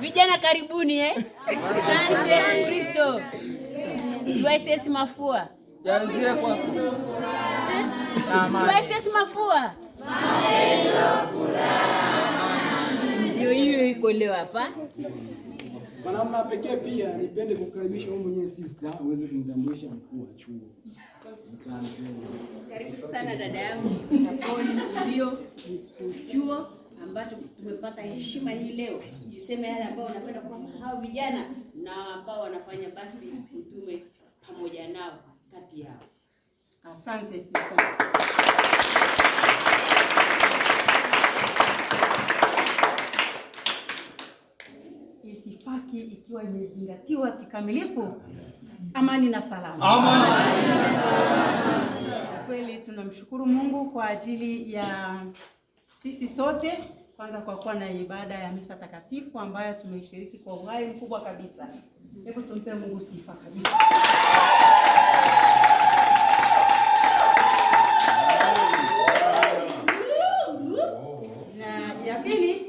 Vijana karibuni eh? Asante Yesu Kristo. Tuwaisesi mafua. Tuanzie kwa Tuwaisesi mafua. Ndio hiyo iko leo hapa. Kwa namna pekee pia nipende kukaribisha huyu mwenye sister aweze kumtambulisha mkuu wa chuo. Karibu sana dada yangu. Ndio chuo ambacho tumepata heshima hii leo, jiseme yale ambao wanapenda kwa hao vijana na ambao wanafanya basi utume pamoja nao kati yao. Asante sista. Itifaki ikiwa imezingatiwa kikamilifu, amani na salama, amani na salama. Kweli tunamshukuru Mungu kwa ajili ya sisi sote kwanza kwa kuwa na ibada ya misa takatifu ambayo tumeshiriki kwa uhai mkubwa kabisa. Hebu tumpe Mungu sifa kabisa. ya pili,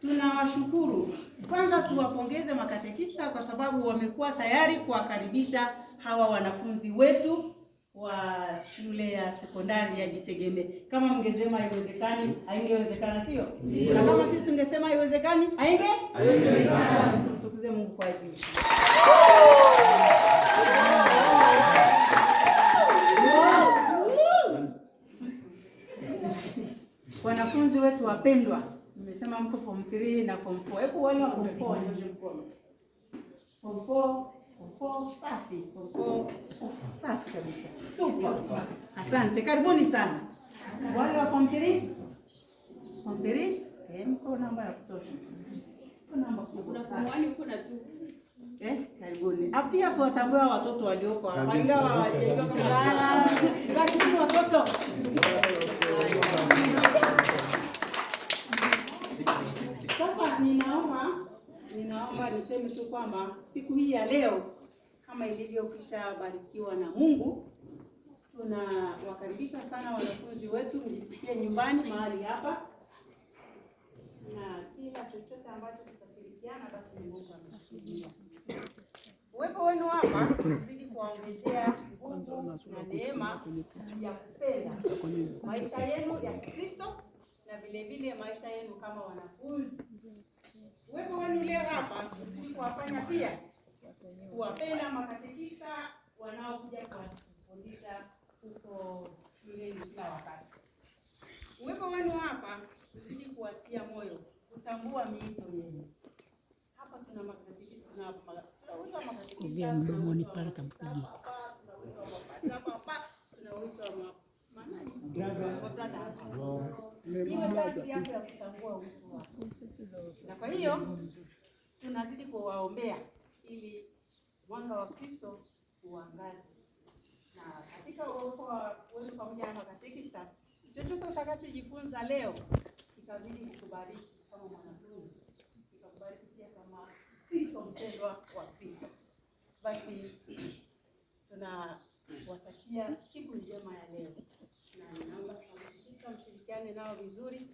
tunawashukuru kwanza, tuwapongeze makatekista kwa sababu wamekuwa tayari kuwakaribisha hawa wanafunzi wetu wa shule ya sekondari ya yajitegemee. Kama mngesema haiwezekani, haingewezekana, sio? Na kama sisi tungesema haiwezekani, ainge haiwezekani. Mungu kwa ajili wanafunzi wetu wapendwa, nimesema mpo form 3 na form 4. Hebu wale wa form 4 wanyoshe mkono. Form 4 Safi safi kabisa, super. Asante, karibuni sana wale wa form three, form mko namba ya kutosha, eh, karibuni. Ah, pia tuwatambue watoto walioko hapa, ingawa lakini watoto sasa, ninaomba ninaomba niseme tu kwamba siku hii ya leo kama ilivyokisha barikiwa na Mungu, tunawakaribisha sana wanafunzi wetu, mjisikie nyumbani mahali hapa, na kila chochote ambacho tutashirikiana basi Mungu amesudia. Uwepo wenu hapa zidi kuwaongezea nguvu na neema ya kupenda maisha yenu ya Kristo na vilevile maisha yenu kama wanafunzi. Uwepo wenu leo hapa kuwafanya pia kuwapenda makatekista wanaokuja kuwafundisha huko shuleni kila wakati. Uwepo wenu hapa uzidi kuwatia moyo kutambua miito yenu. Hapa tuna makatekista, tunawita makatekista mdomoni pale kampigia ya kutambua na kwa hiyo tunazidi kuwaombea ili mwanga wa Kristo uangaze. Na katika uokovu wetu pamoja na katekista, chochote utakachojifunza leo itabidi kukubariki kama mwanafunzi, ikakubariki pia kama Kristo mpendwa wa Kristo. Basi tunawatakia siku njema ya leo, na naomba katekista mshirikiane nao vizuri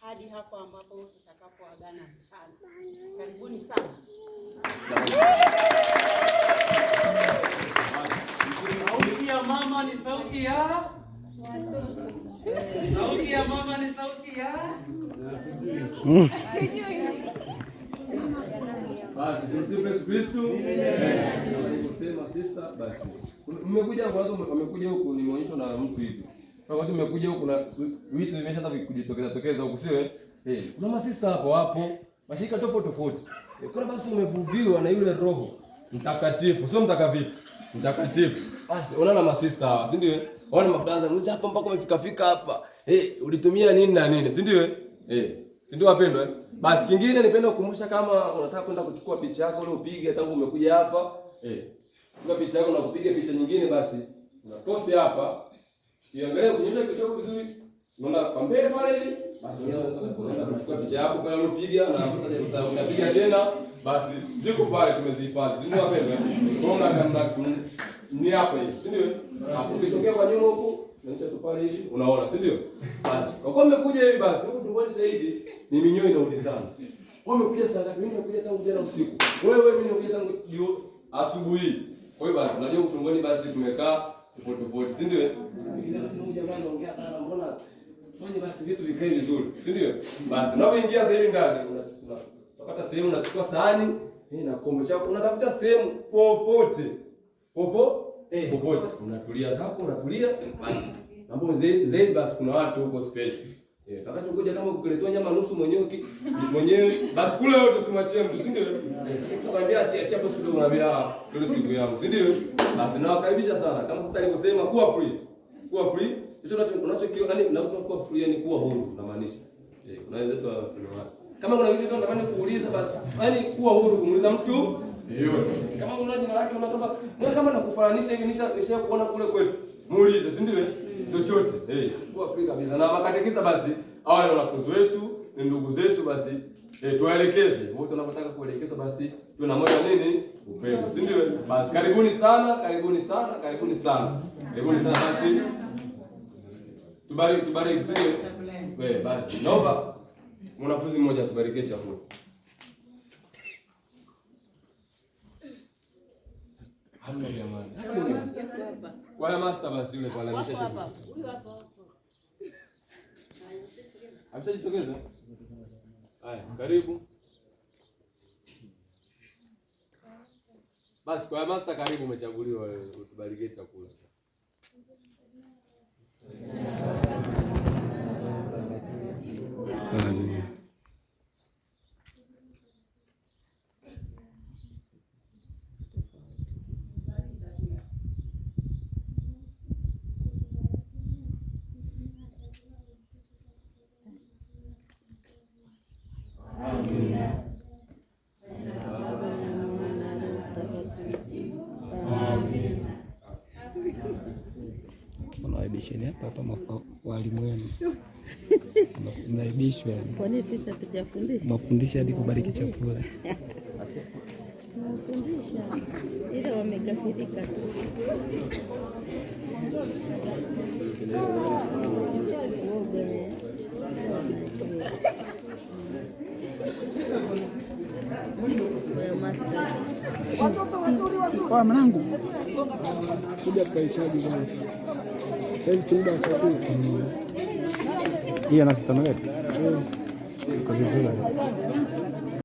hadi hapo ambapo tutakapoagana mchana. Karibuni sana. ya mama ni sauti ya sauti ya mama ni sauti ya basi. Tumsifu Yesu sasa, basi mmekuja kwa watu, wamekuja huku, nimeonyeshwa na mtu hivi kwa watu, mmekuja huku na vitu vimeshaanza kujitokeza tokeza huku, sio eh? eh? Kuna masista hapo hapo mashirika tofauti tofauti, eh, kuna basi, umevuviwa na yule Roho Mtakatifu, sio mtakatifu basi unaona masista, si ndio? Unaona mabrada, mwizi hapa mpaka umefika fika hapa. Eh, ulitumia nini na nini, si ndio? Eh, si ndio wapendwa? Basi kingine nipenda kukumbusha kama unataka kwenda kuchukua picha yako ile upige tangu umekuja hapa. Eh. Chukua picha yako na kupiga picha nyingine basi. Unaposti hapa. Iangalie kunyosha kichwa chako vizuri. Unaona kwa mbele pale hivi. Basi unaenda kuchukua picha yako pale ulipiga na unapiga tena. Basi ziko pale tumezihifadhi. Ndio wapendwa. Unaona kama ni hapo hivi, si ndio? Hapo ukitokea kwa nyuma huko naacha tu pale hivi, unaona, si ndio? Basi kwa kuwa mmekuja hivi, basi huku tumboni sasa hivi ni minyoo inaulizana, wewe umekuja saa ngapi? Mimi nimekuja tangu jana usiku, wewe mimi nimekuja tangu jio asubuhi. Kwa hiyo basi unajua tumboni, basi tumekaa tofauti tofauti, si ndio? Jamani, ongea sana, mbona fanye basi vitu vikae vizuri, si ndio? Basi unapoingia sasa hivi ndani unapata sehemu, unachukua sahani eh, na kombe chako, unatafuta sehemu popote popo popote eh. popote, unatulia zako, unatulia basi. mambo zaidi basi kuna watu huko special eh, ukoja kama kukuletea nyama nusu mwenyewe mwenyewe, basi kule wewe usimwachie mtu, si ndio? Eh, Usikwambia achia achia, basi kidogo unaambia ah, ile siku yangu, si ndio? Basi na wakaribisha sana, kama sasa nilivyosema, kuwa free, kuwa free chochote unachokiona, yani nausema kuwa free, yani kuwa huru, namaanisha eh, unaweza sasa, kuna watu kama kuna kitu unatamani kuuliza, basi yani kuwa huru kumuuliza mtu Yeyote. Kama una jina lake unatoka, mimi kama nakufananisha hivi nisha nisha kuona kule kwetu. Muulize, si ndio? Mm. Chochote. Eh, kwa Afrika bila na makatekisa basi au wale wanafunzi wetu, ni ndugu zetu basi eh, tuwaelekeze. Wote wanapotaka kuelekeza basi tuwe na moyo nini? Upendo. Si ndio? Basi karibuni sana, karibuni sana, karibuni sana. Karibuni sana basi. Tubariki, tubariki. Wewe basi. Naomba mwanafunzi mmoja tubarikie chakula. Hamna jamani. Wala master basi yule kwa Huyu hapo. Haya, karibu. Basi kwa master karibu umechaguliwa wewe, utubariki chakula. televisheni hapa hapa, walimu wenu mnaibishwa, mafundisha hadi kubariki chakula Watoto wazuri wazuri, mwanangu kuja ichaji bwana Y nasi y ya.